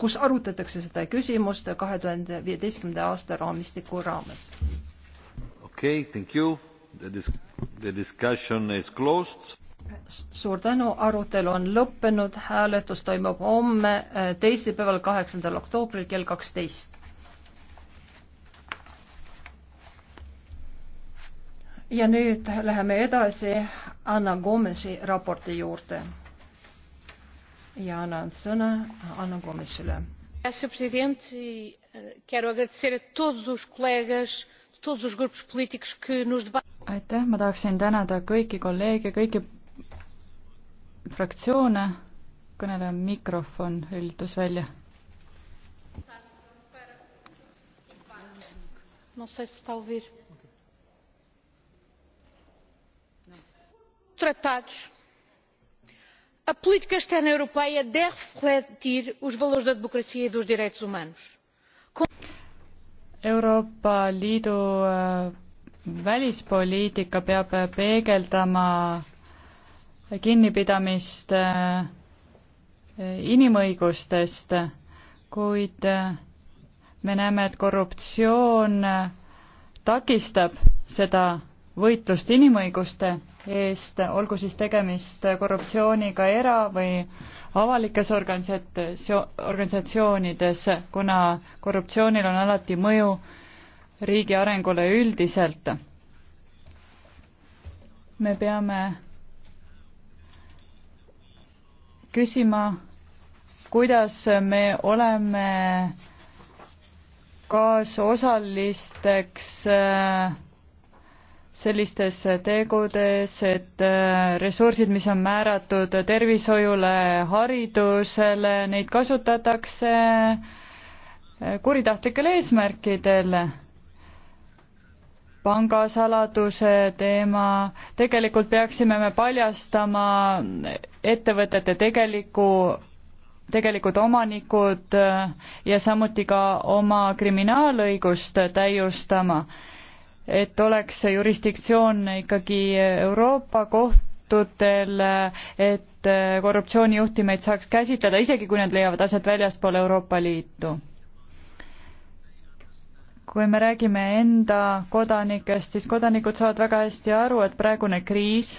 kus arutatakse seda küsimust kahe tuhande viieteistkümnenda aasta raamistiku raames. okei okay,, thank you. The discussion is closed. suur tänu, arutelu on lõppenud, hääletus toimub homme, äh, teisipäeval, kaheksandal oktoobril kell kaksteist. ja nüüd läheme edasi Anna Gomesi raporti juurde ja annan sõna Anna Gomeschile. Senhor Presidente, quero agradecer a todos os colegas de todos os grupos políticos que nos aitäh, ma tahaksin tänada kõiki kolleege, kõiki fraktsioone, kõneleja mikrofon lülitus välja. no see seda huvi. tratados a política externa europeia deve refletir os valores da democracia e dos direitos humanos. Euroopa Liidu eh, välispoliitika peab peegeldama kinnipidamist eh, inimõigustest, kuid eh, me näeme, et korruptsioon takistab seda võitlust inimõiguste eest, olgu siis tegemist korruptsiooniga era- või avalikes organisatsioon, organisatsioonides, kuna korruptsioonil on alati mõju riigi arengule üldiselt. me peame küsima, kuidas me oleme kaasosalisteks äh, sellistes tegudes, et äh, ressursid, mis on määratud tervishoiule, haridusele, neid kasutatakse äh, kuritahtlikel eesmärkidel. pangasaladuse teema, tegelikult peaksime me paljastama ettevõtete tegeliku tegelikud omanikud äh, ja samuti ka oma kriminaalõigust täiustama et oleks jurisdiktsioon ikkagi Euroopa kohtutel, et korruptsioonijuhtimeid saaks käsitleda, isegi kui need leiavad aset väljaspool Euroopa Liitu. kui me räägime enda kodanikest, siis kodanikud saavad väga hästi aru, et praegune kriis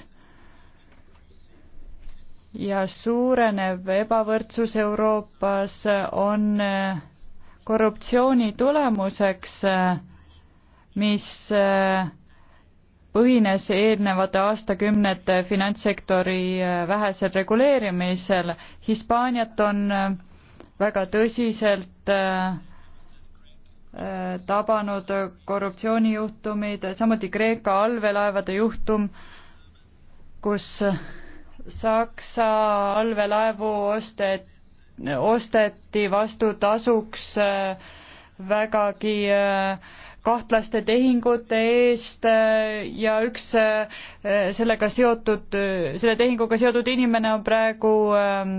ja suurenev ebavõrdsus Euroopas on korruptsiooni tulemuseks äh, mis äh, põhines eelnevate aastakümnete finantssektori äh, vähesel reguleerimisel. Hispaaniat on äh, väga tõsiselt tabanud korruptsioonijuhtumid, samuti Kreeka allveelaevade juhtum, kus Saksa allveelaevu ostet, osteti vastutasuks äh, vägagi äh, kahtlaste tehingute eest äh, ja üks äh, sellega seotud, selle tehinguga seotud inimene on praegu ähm,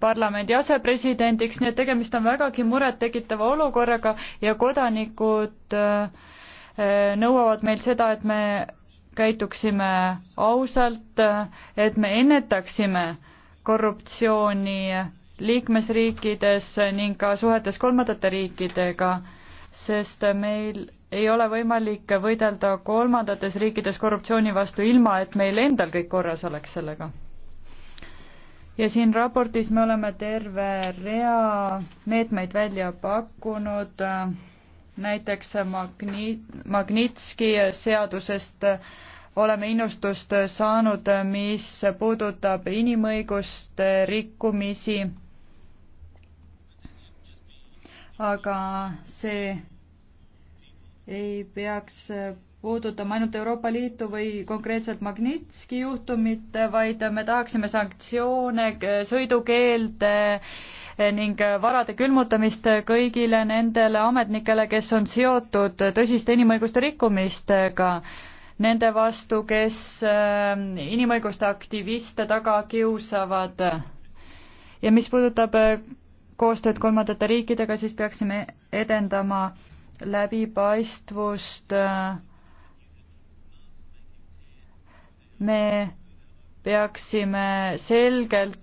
parlamendi asepresidendiks, nii et tegemist on vägagi murettekitava olukorraga ja kodanikud nõuavad meilt seda, et me käituksime ausalt, et me ennetaksime korruptsiooni liikmesriikides ning ka suhetes kolmandate riikidega, sest meil ei ole võimalik võidelda kolmandates riikides korruptsiooni vastu ilma, et meil endal kõik korras oleks sellega. ja siin raportis me oleme terve rea meetmeid välja pakkunud, näiteks Magni-, Magnitski seadusest oleme innustust saanud, mis puudutab inimõiguste rikkumisi aga see ei peaks puudutama ainult Euroopa Liitu või konkreetselt Magnitski juhtumit, vaid me tahaksime sanktsioone, sõidukeelde ning varade külmutamist kõigile nendele ametnikele, kes on seotud tõsiste inimõiguste rikkumistega. Nende vastu, kes äh, inimõiguste aktiviste taga kiusavad. ja mis puudutab äh, koostööd kolmandate riikidega, siis peaksime edendama läbipaistvust. me peaksime selgelt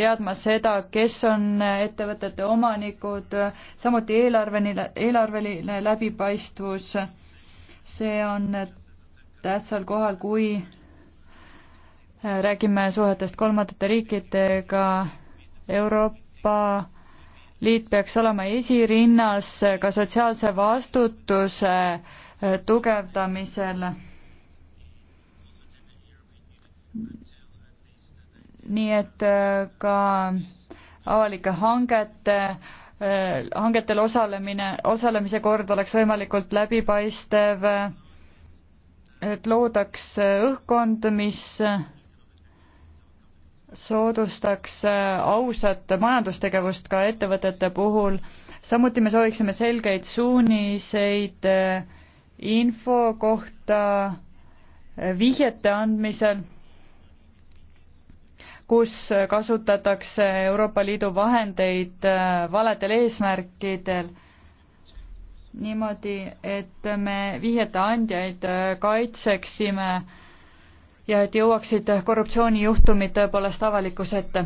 teadma seda, kes on ettevõtete omanikud, samuti eelarveline, eelarveline läbipaistvus. see on tähtsal kohal, kui räägime suhetest kolmandate riikidega, Euroopa liit peaks olema esirinnas ka sotsiaalse vastutuse eh, tugevdamisel. nii et eh, ka avalike hangete, eh, hangetel osalemine, osalemise kord oleks võimalikult läbipaistev, et loodaks õhkkond, mis soodustaks äh, ausat majandustegevust ka ettevõtete puhul. samuti me sooviksime selgeid suuniseid äh, info kohta äh, vihjete andmisel, kus kasutatakse Euroopa Liidu vahendeid valedel eesmärkidel niimoodi, et me vihjete andjaid kaitseksime ja et jõuaksid korruptsioonijuhtumid tõepoolest avalikkuse ette.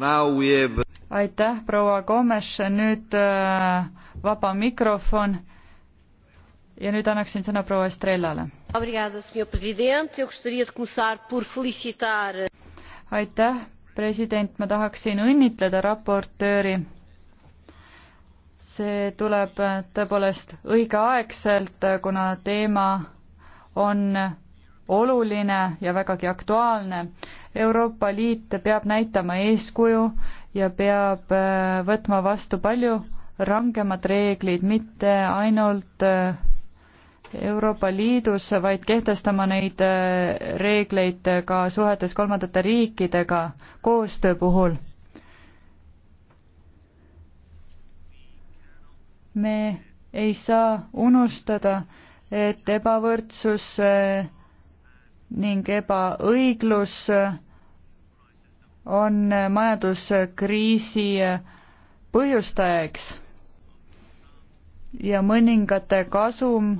Have... aitäh, proua Gomes, nüüd äh, vaba mikrofon ja nüüd annaksin sõna proua Estrellale. aitäh, president, ma tahaksin õnnitleda raportööri. see tuleb tõepoolest õigeaegselt, kuna teema on oluline ja vägagi aktuaalne. Euroopa Liit peab näitama eeskuju ja peab äh, võtma vastu palju rangemad reeglid, mitte ainult äh, Euroopa Liidus, vaid kehtestama neid äh, reegleid ka suhetes kolmandate riikidega koostöö puhul. me ei saa unustada, et ebavõrdsus eh, ning ebaõiglus on majanduskriisi põhjustajaks ja mõningate kasum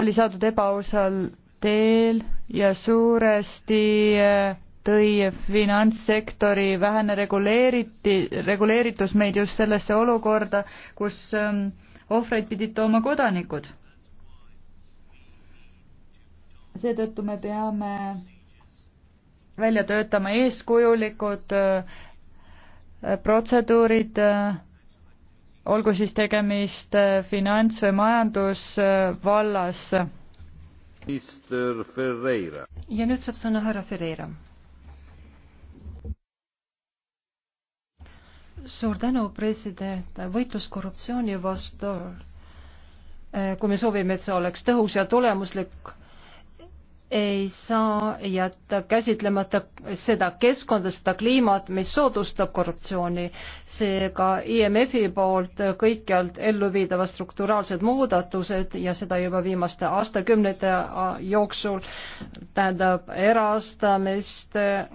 oli saadud ebaausal teel ja suuresti eh, tõi finantssektori vähene reguleeriti, reguleeritus meid just sellesse olukorda, kus ähm, ohvreid pidid tooma kodanikud. seetõttu me peame välja töötama eeskujulikud äh, protseduurid, äh, olgu siis tegemist äh, finants- või majandusvallas. ja nüüd saab sõna härra Ferreira suur tänu, president, võitlus korruptsiooni vastu, eh, kui me soovime, et see oleks tõhus ja tulemuslik, ei saa jätta käsitlemata seda keskkonda, seda kliimat, mis soodustab korruptsiooni. seega IMF-i poolt kõikjalt elluviidavad strukturaalsed muudatused ja seda juba viimaste aastakümnete jooksul tähendab erastamist, eh,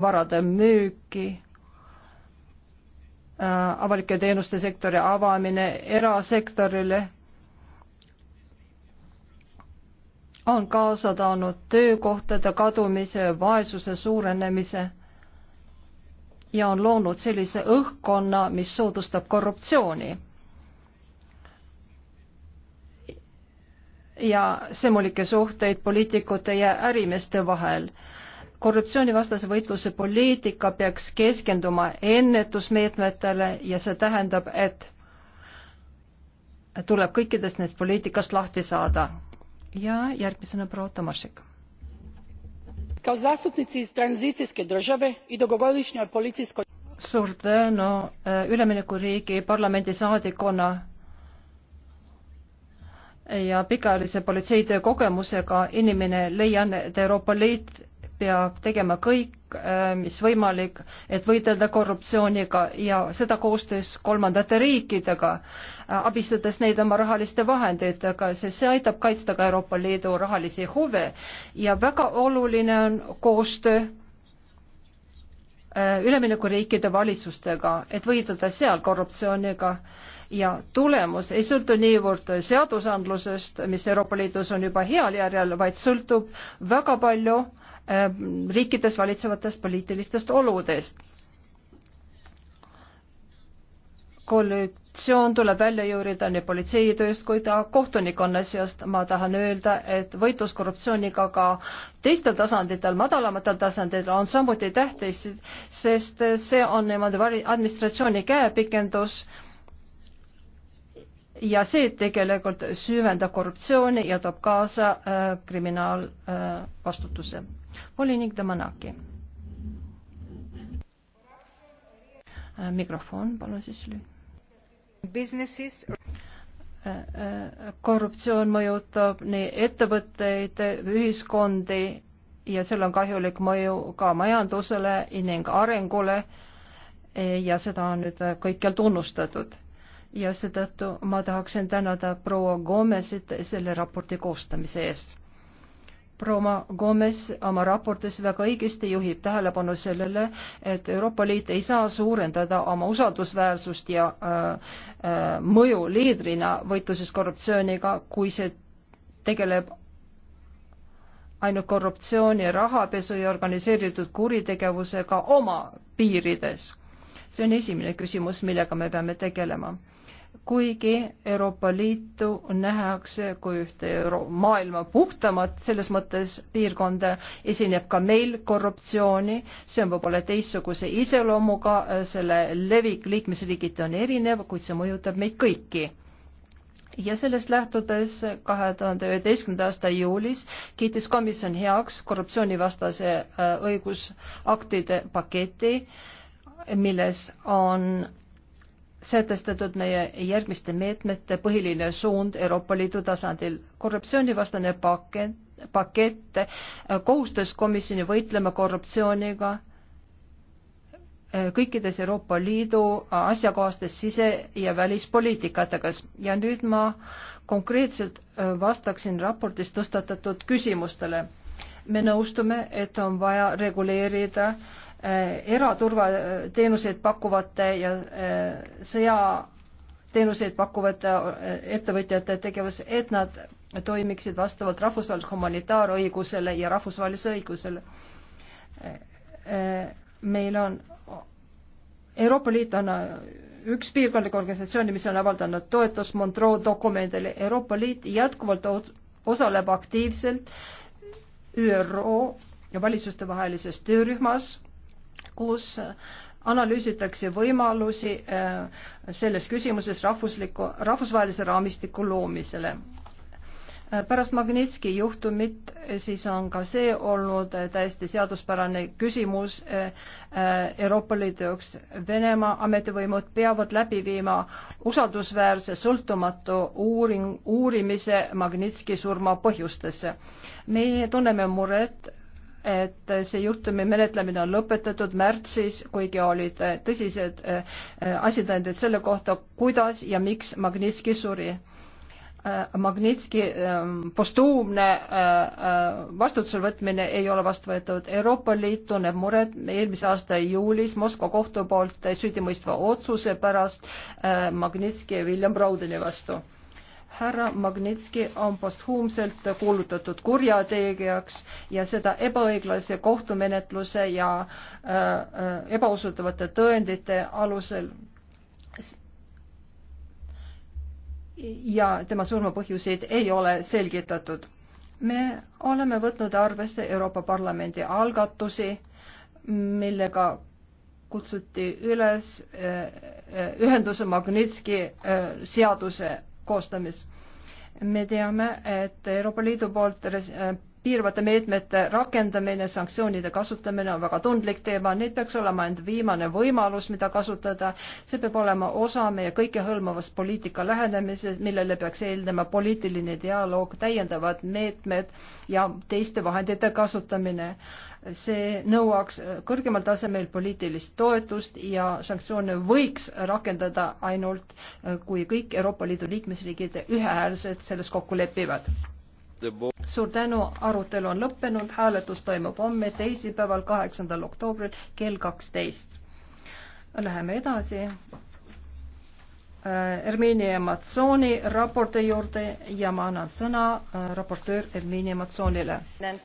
varade müüki Äh, avalike teenuste sektori avamine erasektorile on kaasa toonud töökohtade kadumise, vaesuse suurenemise ja on loonud sellise õhkkonna, mis soodustab korruptsiooni. ja semulike suhteid poliitikute ja ärimeeste vahel korruptsioonivastase võitluse poliitika peaks keskenduma ennetusmeetmetele ja see tähendab, et tuleb kõikidest neist poliitikast lahti saada. ja järgmisena proua Tomašek. kao zastupnici iz tranzicijske države i dugogodišnjoj policijskoj suur tänu eh, üleminekuriigi parlamendisaadikuna ja pikaajalise politseitöö kogemusega inimene leian, et Euroopa Liit peab tegema kõik, äh, mis võimalik, et võidelda korruptsiooniga ja seda koostöös kolmandate riikidega, äh, abistades neid oma rahaliste vahenditega, sest see aitab kaitsta ka Euroopa Liidu rahalisi huve ja väga oluline on koostöö äh, üleminekuriikide valitsustega, et võidelda seal korruptsiooniga ja tulemus ei sõltu niivõrd seadusandlusest, mis Euroopa Liidus on juba heal järjel, vaid sõltub väga palju Ähm, riikides valitsevatest poliitilistest oludest. koalitsioon tuleb välja juurida nii politseitööst kui ta kohtunikkonna seast. ma tahan öelda, et võitlus korruptsiooniga ka teistel tasanditel, madalamatel tasanditel on samuti tähtis, sest see on niimoodi administratsiooni käepikendus ja see tegelikult süvendab korruptsiooni ja toob kaasa äh, kriminaalvastutuse äh,. volinik Damanaki äh,. mikrofon palun siis lüüa äh, äh, korruptsioon mõjutab nii ettevõtteid, ühiskondi ja seal on kahjulik mõju ka majandusele ning arengule äh, ja seda on nüüd kõikjal tunnustatud ja seetõttu ma tahaksin tänada proua Gomesit selle raporti koostamise eest. proua Gomes oma raportis väga õigesti juhib tähelepanu sellele, et Euroopa Liit ei saa suurendada oma usaldusväärsust ja äh, äh, mõju liidrina võitluses korruptsiooniga, kui see tegeleb ainult korruptsiooni, rahapesu ja organiseeritud kuritegevusega oma piirides. see on esimene küsimus, millega me peame tegelema kuigi Euroopa Liitu nähakse kui ühte Euro maailma puhtamat, selles mõttes piirkonda, esineb ka meil korruptsiooni, see on võib-olla teistsuguse iseloomuga, selle levik liikmesriigiti on erinev, kuid see mõjutab meid kõiki ja sellest lähtudes kahe tuhande üheteistkümnenda aasta juulis kiitis komisjon heaks korruptsioonivastase äh, õigusaktide paketi, milles on sätestatud meie järgmiste meetmete põhiline suund Euroopa Liidu tasandil. korruptsioonivastane pakett, pakett äh, kohustas komisjoni võitlema korruptsiooniga äh, kõikides Euroopa Liidu äh, asjakohastes sise- ja välispoliitikatega ja nüüd ma konkreetselt vastaksin raportis tõstatatud küsimustele. me nõustume, et on vaja reguleerida äh, Äh, eraturvateenuseid pakkuvate ja äh, sõjateenuseid pakkuvate äh, ettevõtjate tegevus, et nad toimiksid vastavalt rahvusvahelisele humanitaarõigusele ja rahvusvahelisele õigusele. meil on, Euroopa Liit on üks piirkondlik organisatsioon, mis on avaldanud toetust Montreux dokumendile. Euroopa Liit jätkuvalt osaleb aktiivselt ÜRO ja valitsuste vahelises töörühmas kus analüüsitakse võimalusi äh, selles küsimuses rahvusliku, rahvusvahelise raamistiku loomisele. Äh, pärast Magnitski juhtumit äh, siis on ka see olnud täiesti seaduspärane küsimus Euroopa Liidu jaoks. Venemaa ametivõimud peavad läbi viima usaldusväärse sõltumatu uuring, uurimise Magnitski surma põhjustesse. meie tunneme muret et see juhtumi menetlemine on lõpetatud märtsis, kuigi olid äh, tõsised äh, äh, asitõendid selle kohta, kuidas ja miks Magnitski suri. Magnitski ähm, postuumne vastutusele võtmine ei ole vastu võetud. Euroopa Liit tunneb muret eelmise aasta juulis Moskva kohtu poolt süüdimõistva otsuse pärast Magnitski ja William Browdeni vastu härra Magnitski on posthuumselt kuulutatud kurjategijaks ja seda ebaõiglase kohtumenetluse ja äh, äh, ebausutavate tõendite alusel. ja tema surmapõhjuseid ei ole selgitatud. me oleme võtnud arvesse Euroopa Parlamendi algatusi, millega kutsuti üles äh, äh, ühenduse Magnitski seaduse koostamis. me teame, et Euroopa Liidu poolt äh, piirvate meetmete rakendamine, sanktsioonide kasutamine on väga tundlik teema, need peaks olema ainult viimane võimalus, mida kasutada. see peab olema osa meie kõikehõlmavast poliitika lähenemisest, millele peaks eeldama poliitiline dialoog, täiendavad meetmed ja teiste vahendite kasutamine see nõuaks kõrgemal tasemel poliitilist toetust ja sanktsioone võiks rakendada ainult, äh, kui kõik Euroopa Liidu liikmesriigid ühehäälselt selles kokku lepivad. suur tänu, arutelu on lõppenud, hääletus toimub homme, teisipäeval, kaheksandal oktoobril kell kaksteist. Läheme edasi. Äh, Erminia Matsooni raporti juurde ja ma annan sõna äh, raportöör Erminia Matsoonile.